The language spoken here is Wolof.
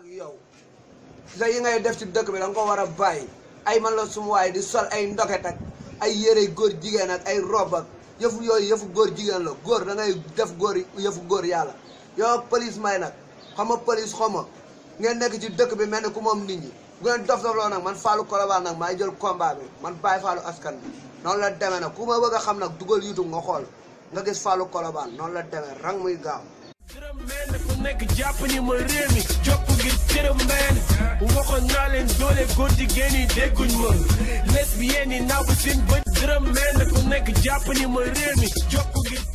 ak yow sa yi ngay def ci dëkk bi da nga ko war a bàyyi ay man la suma waay di sol ay ndoket ak ay yëre góor jigéen ak ay rob ak yëfu yooyu yëfu góor jigéen la góor da ngay def góor yëfu góor yàlla yow ak police may nag xama police xama ngeen nekk ci dëkk bi mel ni ku moom nit ñi bu ngeen dof dof loo nag man Fallou Colobane nag maay jël kombaa bi man bàyyi Fallou askan bi noonu la demee nag ku ma bëgg a xam nag dugal YouTube nga xool nga gis Fallou kolobaan noonu la demee rang muy gaaw nekk jàpp ni ma réew mi jopp ngir cëram mbayal waxoon naa leen doole góor jigéen yi dégguñ ma lesbiennes yi naaw ba seen bët dërëm mel na ku nekk jàpp ni ma réew mi jopp ngir